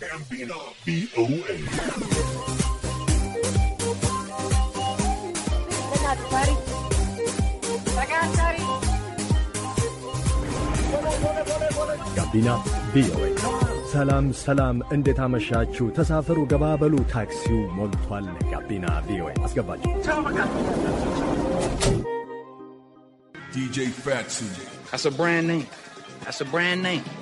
ጋቢና ቪኦኤ ጋቢና ቪኦኤ። ሰላም ሰላም፣ እንዴት አመሻችሁ? ተሳፈሩ፣ ገባበሉ፣ ታክሲው ሞልቷል። ጋቢና ቪኦኤ አስገባችሁ። ዲጄ ፋትሱ ስ ብራንድ brand name. That's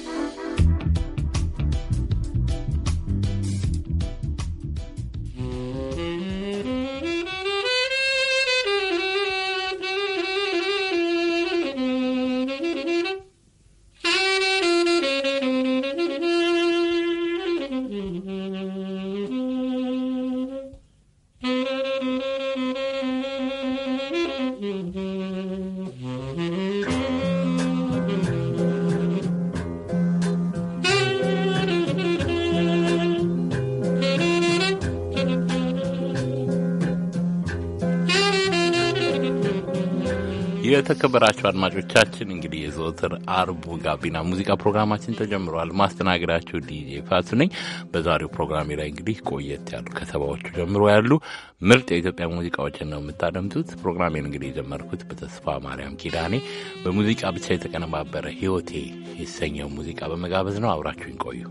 የተከበራችሁ አድማጮቻችን እንግዲህ የዘወትር አርቡ ጋቢና ሙዚቃ ፕሮግራማችን ተጀምረዋል። ማስተናገዳችሁ ዲጄ ፋቱ ነኝ። በዛሬው ፕሮግራሜ ላይ እንግዲህ ቆየት ያሉ ከሰባዎቹ ጀምሮ ያሉ ምርጥ የኢትዮጵያ ሙዚቃዎችን ነው የምታደምጡት። ፕሮግራሜን እንግዲህ የጀመርኩት በተስፋ ማርያም ኪዳኔ በሙዚቃ ብቻ የተቀነባበረ ህይወቴ የተሰኘው ሙዚቃ በመጋበዝ ነው። አብራችሁኝ ቆዩ።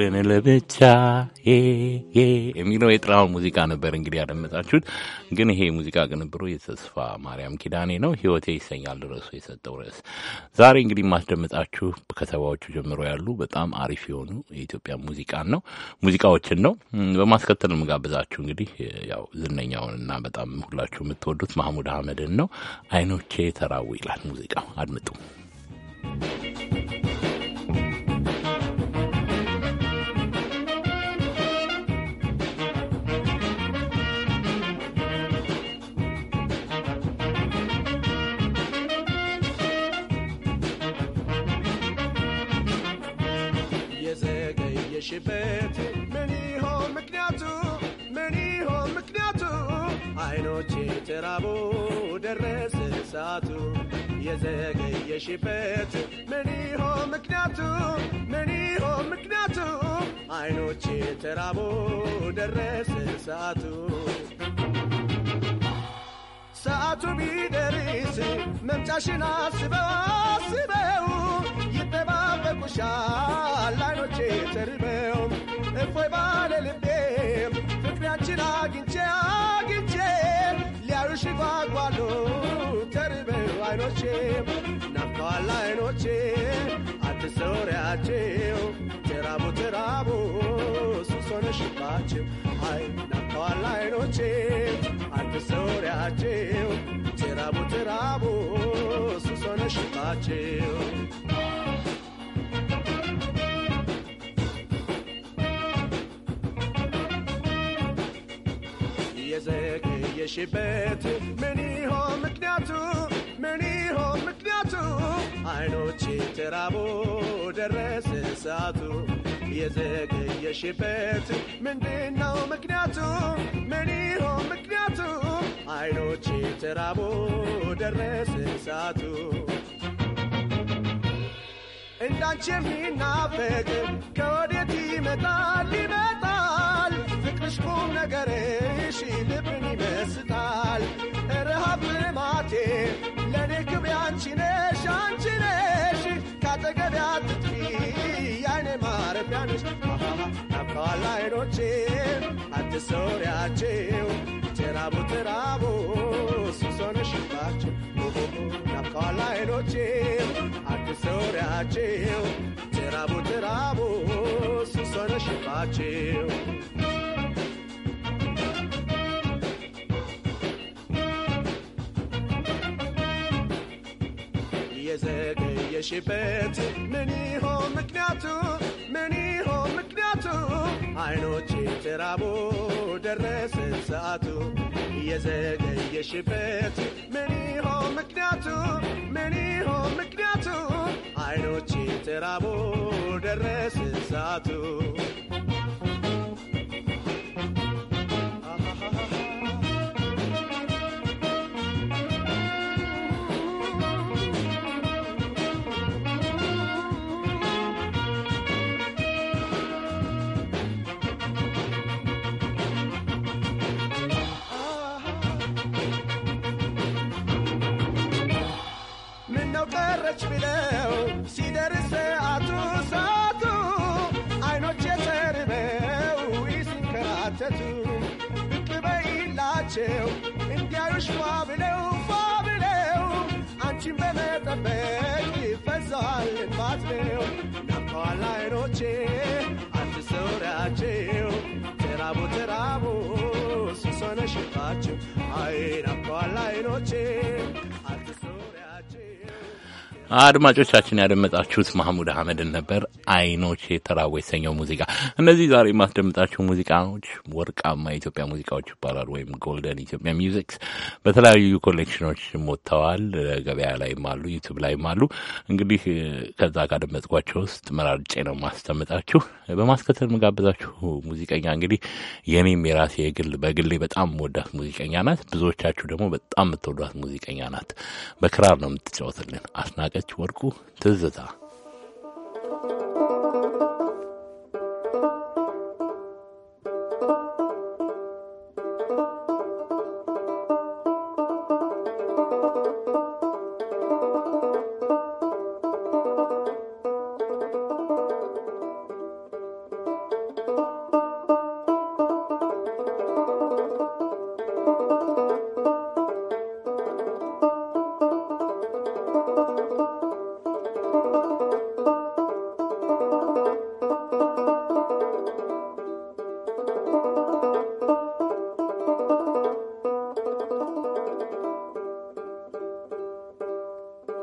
ፍቅርን ለብቻ የሚለው የጥላሁን ሙዚቃ ነበር። እንግዲህ ያደመጣችሁት ግን ይሄ ሙዚቃ ቅንብሩ የተስፋ ማርያም ኪዳኔ ነው። ህይወቴ ይሰኛል ርዕሱ የሰጠው ርዕስ። ዛሬ እንግዲህ ማስደመጣችሁ ከሰባዎቹ ጀምሮ ያሉ በጣም አሪፍ የሆኑ የኢትዮጵያ ሙዚቃን ነው ሙዚቃዎችን ነው። በማስከተል የምጋብዛችሁ እንግዲህ ያው ዝነኛውንና በጣም ሁላችሁ የምትወዱት ማህሙድ አህመድን ነው። አይኖቼ ተራው ይላል ሙዚቃው። አድምጡ። ሽበት ምን ይሆን ምክንያቱ? ምን ይሆን ምክንያቱ? አይኖቼ ተራቦ ደረሰ ሰዓቱ የዘገየሽበት ምን ይሆን ምክንያቱ? ምን ይሆን ምክንያቱ? አይኖቼ ተራቦ ደረሰ ሰዓቱ ሰዓቱ ቢደርስ መምጫሽን አስበው አስበው ይጠባበቁሻል አይኖቼ ተርበው እፎይ ባለ ልቤ ፍቅሪያችን አግኝቼ አግኝቼ ሊያዩሽ ጓጓሉ ተርበው አይኖቼ ናፍቀዋል አይኖቼ አትሰውሪያቸው ተራቡ ተራቡ ሱስ ሰማይ ናብተዋል አይኖቼ አዲስ ዙሪያቸው ትራቡ ትራቡ ሱስ ሆነ ሽታቸው የዘገየሽበት ምን ይሆን ምክንያቱ? ምን ይሆን ምክንያቱ? አይኖች ትራቡ ደረሰ ሰዓቱ የዘገየሽበት ምንድነው ምክንያቱ? ምን ይሆን ምክንያቱ? አይኖች ተራቦ ደረሰ ሰዓቱ እንዳንቺ የሚናፈቅ ከወዴት ይመጣል ይመጣል ፍቅርሽ ቁም ነገርሽ ልብን ይመስጣል ኢትዮጵያኖች ናብቀዋል አይኖቼ አዲስ ሶሪያቸው ጀራቡ ትራቡ ሱሶንሽባቸው ናብቀዋል አይኖቼ አዲስ ሶሪያቸው ትራቡ ሱሶንሽባቸው የሺበት ምን ይሆን ምክንያቱ? ምን ይሆን ምክንያቱ? አይኖች ትራቦ ደረስን ሰዓቱ የዘገየሽበት ምን ይሆን ምክንያቱ? ምን ይሆን ምክንያቱ? አይኖች ትራቦ ደረስን ሰዓቱ ሞተች ብለው ሲደርስ ሰዓቱ ሰዓቱ አይኖች የሰርበው ሲንከራተቱ ብቅ በይላቸው እንዲያዩሽ ፏ ብለው ፏ ብለው አንቺን በመጠበቅ ይፈዛል ልባት ነው ናፍቀዋል አይኖቼ አትሰውሪያቸው ተራቡ ተራቡ ሱሶነሽባቸው አይ ናፍቀዋል አይኖቼ አድማጮቻችን ያደመጣችሁት ማህሙድ አህመድን ነበር። አይኖች የተራው የተሰኘው ሙዚቃ። እነዚህ ዛሬ የማስደምጣቸው ሙዚቃዎች ወርቃማ የኢትዮጵያ ሙዚቃዎች ይባላሉ፣ ወይም ጎልደን ኢትዮጵያ ሚውዚክስ። በተለያዩ ኮሌክሽኖች ሞጥተዋል፣ ገበያ ላይም አሉ፣ ዩቱብ ላይም አሉ። እንግዲህ ከዛ ካደመጥኳቸው ውስጥ መራርጬ ነው ማስደምጣችሁ። በማስከተል መጋበዛችሁ ሙዚቀኛ እንግዲህ የኔም የራሴ የግል በግሌ በጣም ወዳት ሙዚቀኛ ናት። ብዙዎቻችሁ ደግሞ በጣም የምትወዷት ሙዚቀኛ ናት። በክራር ነው የምትጫወትልን አስናቀ የለች ወርቁ ትዝታ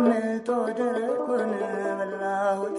አድምጦ ደረቁን በላሁት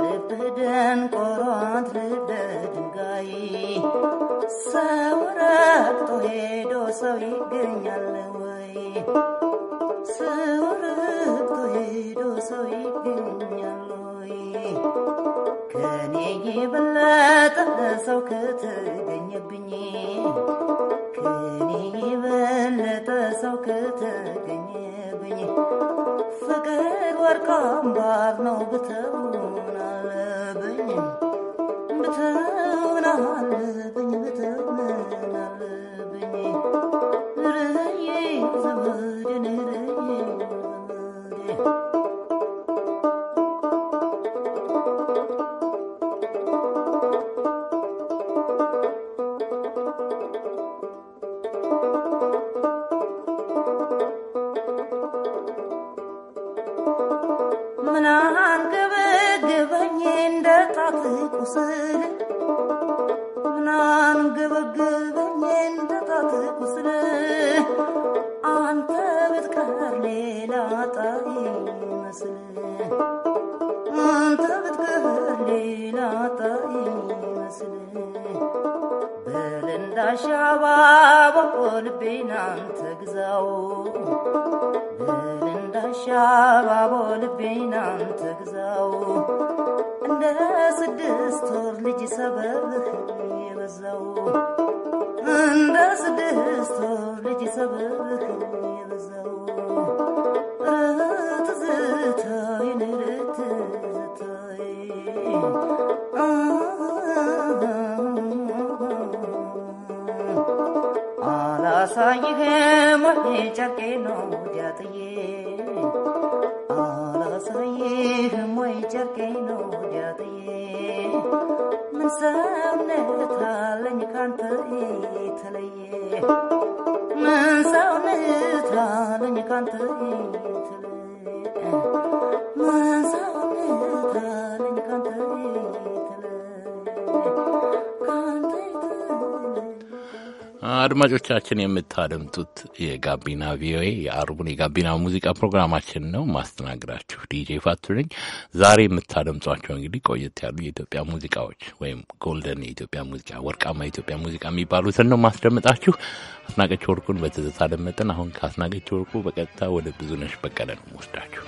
ልደን ቆሮንት ልደ ድንጋይ ሰው ረግጦ ሄዶ ሰው ይገኛል ወይ? ሰው ረግጦ ሄዶ ሰው ይገኛል ወይ? ከኔ የበለጠ ሰው ከተገኘብኝ ከኔ የበለጠ ሰው ከተገኘብኝ ፍቅር ወርቅ አምባር ነው ብትሆን አለብኝ ብትሆን አለብኝ ሻባቦ ባቦ ልቤና አንተ ግዛው እንደ ስድስት ወር ልጅ ሰበብ የበዛው እንደ ስድስት ወር ልጅ ሰበብ የበዛው ትዝታይ ንርት ዝታይ አላሳይህ ሞሄ ጨቄ ነው ሰውነት ካንተ የተለየ ምን ሰውነት ካንተ የተለየ አድማጮቻችን የምታደምጡት የጋቢና ቪኦኤ የአርቡን የጋቢና ሙዚቃ ፕሮግራማችን ነው። ማስተናግዳችሁ ዲጄ ፋቱ ነኝ። ዛሬ የምታደምጧቸው እንግዲህ ቆየት ያሉ የኢትዮጵያ ሙዚቃዎች ወይም ጎልደን የኢትዮጵያ ሙዚቃ፣ ወርቃማ የኢትዮጵያ ሙዚቃ የሚባሉትን ነው ማስደምጣችሁ። አስናቀች ወርቁን በትዝታ ደመጥን። አሁን ከአስናቀች ወርቁ በቀጥታ ወደ ብዙነሽ በቀለ ነው ወስዳችሁ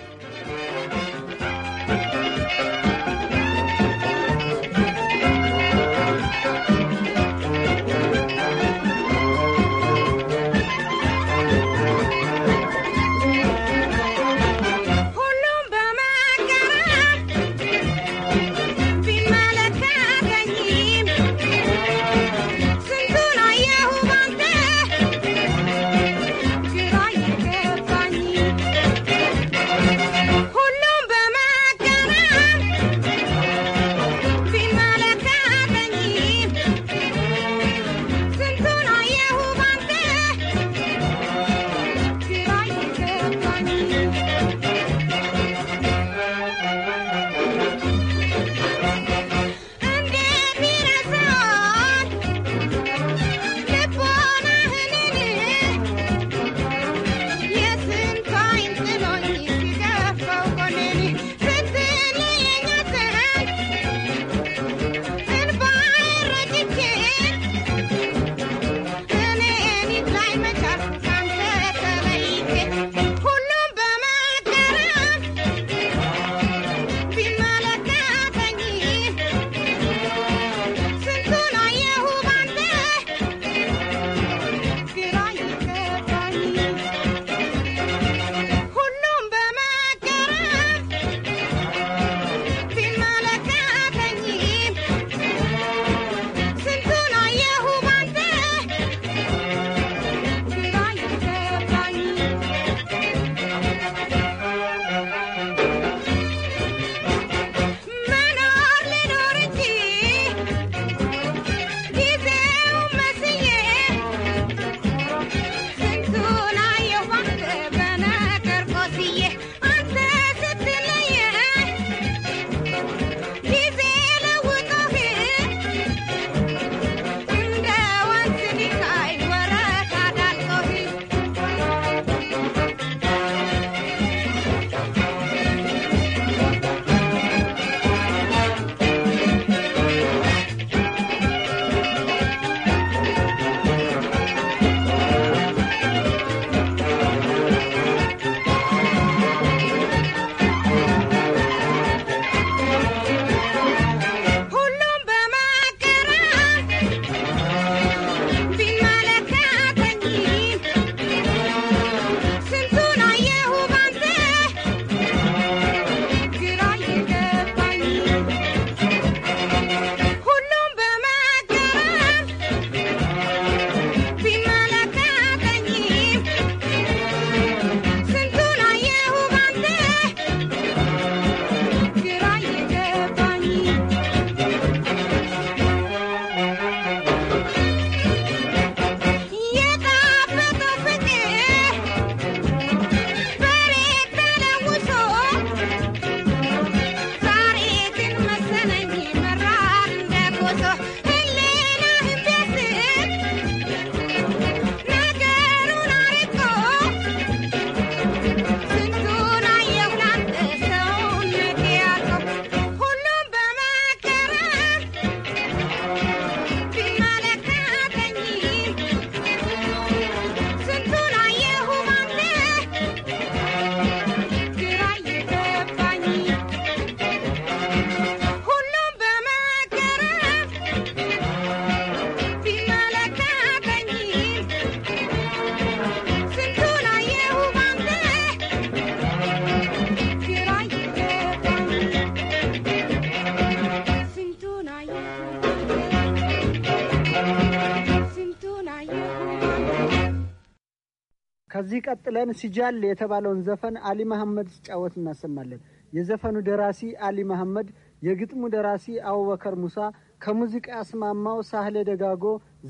ቀጥለን ሲጃል የተባለውን ዘፈን አሊ መሐመድ ሲጫወት እናሰማለን። የዘፈኑ ደራሲ አሊ መሐመድ፣ የግጥሙ ደራሲ አቡበከር ሙሳ፣ ከሙዚቃ ያስማማው ሳህሌ ደጋጎ፣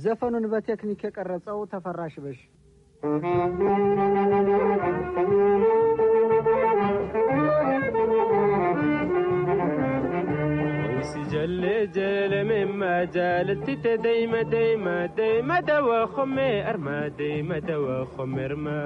ዘፈኑን በቴክኒክ የቀረጸው ተፈራሽ በሽ ሲጀሌ ما زالت تديما ديما ديما دوا خمي أرما ديما دوا خمي أرما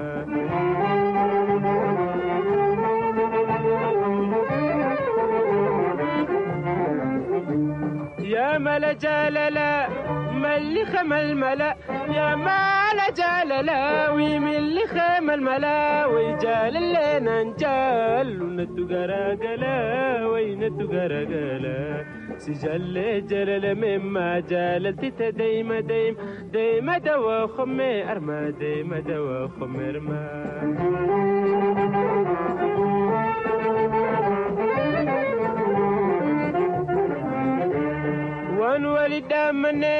يا ملا جلالا ملي خم الملا يا ملا جلالا وملي خم الملا وي جال اللي نجال وندو قراقلا ويندو قراقلا سجل جلل مما جللت دايما دايما دايما دوا خمي أرما دايما دوا خمي أرما ولد مني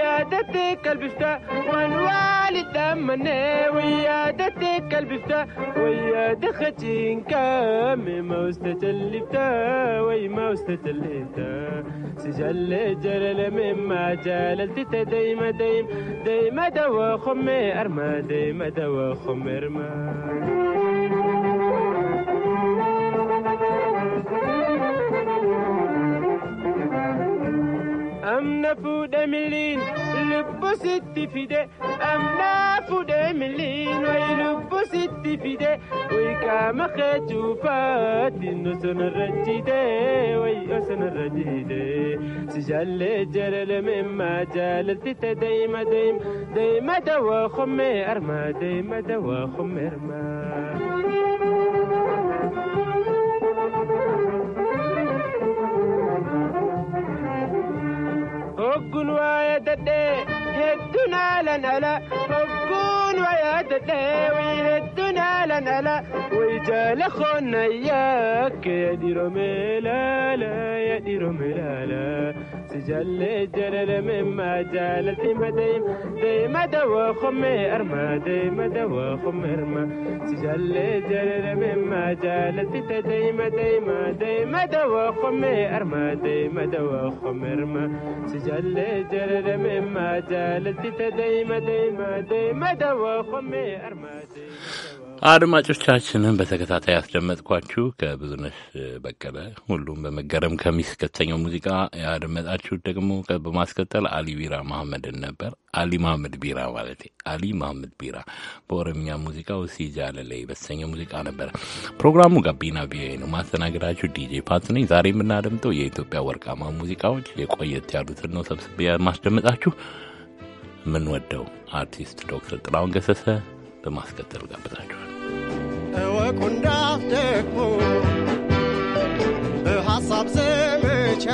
يا ويادتك البفتاء وانوالي تمنى ويادتك البفتاء ويا دختي كام ما اللي بتا وي ما اللي بتا سجل جلل مما جللت دايما دايما دايما دوا خمي ارما دايما دوا خمي ارما أم نفود ملين ويلبوا ست فداء أمنا فدا ملين ويلبوا ست فداء ويكام خاتو فاتن وسن الرجيدة ويأسن الرجيدة سجل جلل مما جللت تدايما دايما دايما دوا خمي أرما دايما دوا خمي أرما لنا لا فكون ويا تداوي هدنا لنا لا ويجال خنا ياك يا دي رميلة لا يا دي رميلة لا سجل جلل من مجالة ديما ديما ديما دوا خمي أرما ديما دوا خمي أرما تجلي جلل من مجالة ديما ديما ديما دوا خمي أرما ديما دوا خمي أرما تجلي جلل من مجالة ديما ديما ديما دوا خمي أرما ديما አድማጮቻችንን በተከታታይ ያስደመጥኳችሁ ከብዙነሽ በቀለ ሁሉም በመገረም ከሚስከተኘው ሙዚቃ ያደመጣችሁት ደግሞ በማስከተል አሊ ቢራ መሐመድን ነበር። አሊ መሐመድ ቢራ ማለት አሊ መሐመድ ቢራ በኦሮምኛ ሙዚቃው ሲጃለለ በተሰኘው ሙዚቃ ነበር። ፕሮግራሙ ጋቢና ቪኦኤ ነው። ማስተናገዳችሁ ዲጄ ፓት ነኝ። ዛሬ የምናደምጠው የኢትዮጵያ ወርቃማ ሙዚቃዎች የቆየት ያሉትን ነው ሰብስብ ማስደመጣችሁ። የምንወደው አርቲስት ዶክተር ጥላሁን ገሰሰ በማስከተል ጋብዛችኋል። በቁንዳፍ ደግሞ በሐሳብ ዘመቻ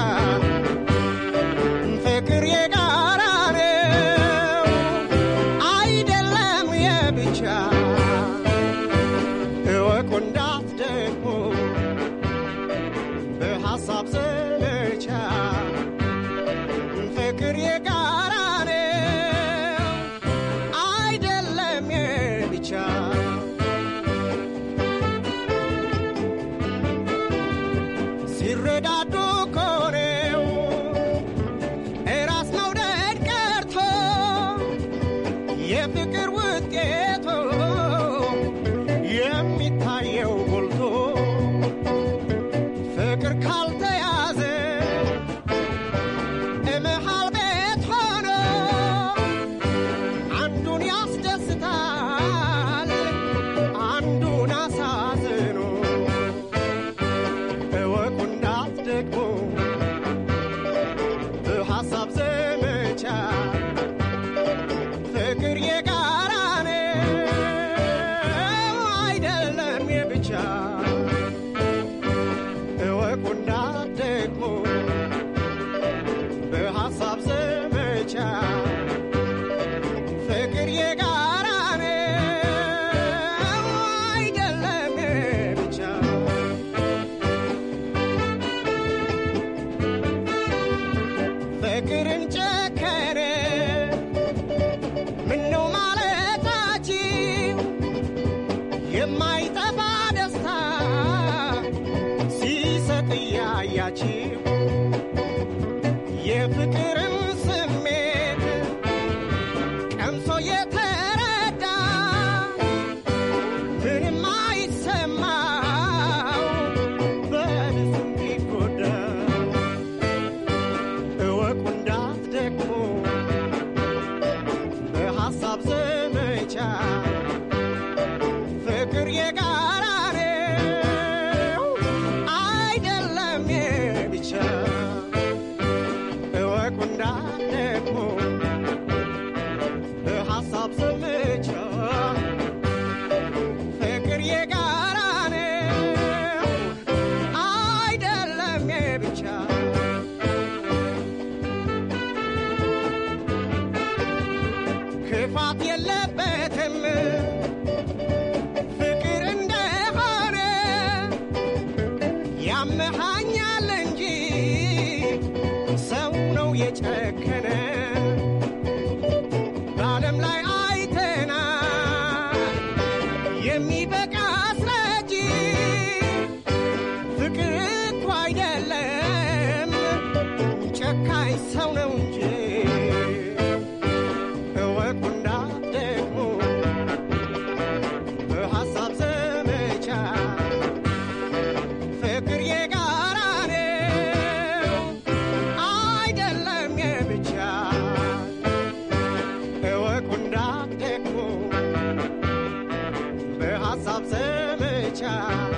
Zawsze mycia.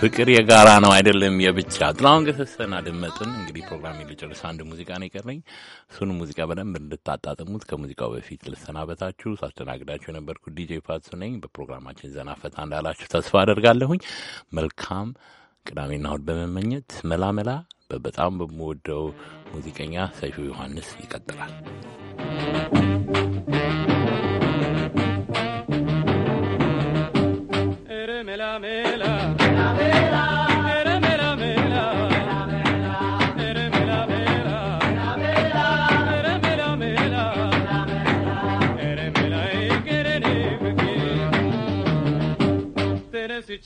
ፍቅር የጋራ ነው አይደለም የብቻ። ጥላሁን ገሰሰን አደመጥን። እንግዲህ ፕሮግራም ልጨርስ፣ አንድ ሙዚቃ ነው የቀረኝ። እሱን ሙዚቃ በደንብ እንድታጣጥሙት ከሙዚቃው በፊት ልሰናበታችሁ። ሳስተናግዳችሁ የነበርኩት ዲጄ ፋትሱ ነኝ። በፕሮግራማችን ዘና ፈታ እንዳላችሁ ተስፋ አደርጋለሁኝ። መልካም ቅዳሜና እሁድ በመመኘት መላመላ በበጣም በምወደው ሙዚቀኛ ሰይፉ ዮሐንስ ይቀጥላል። ሜላ ሜላ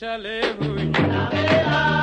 chale huye.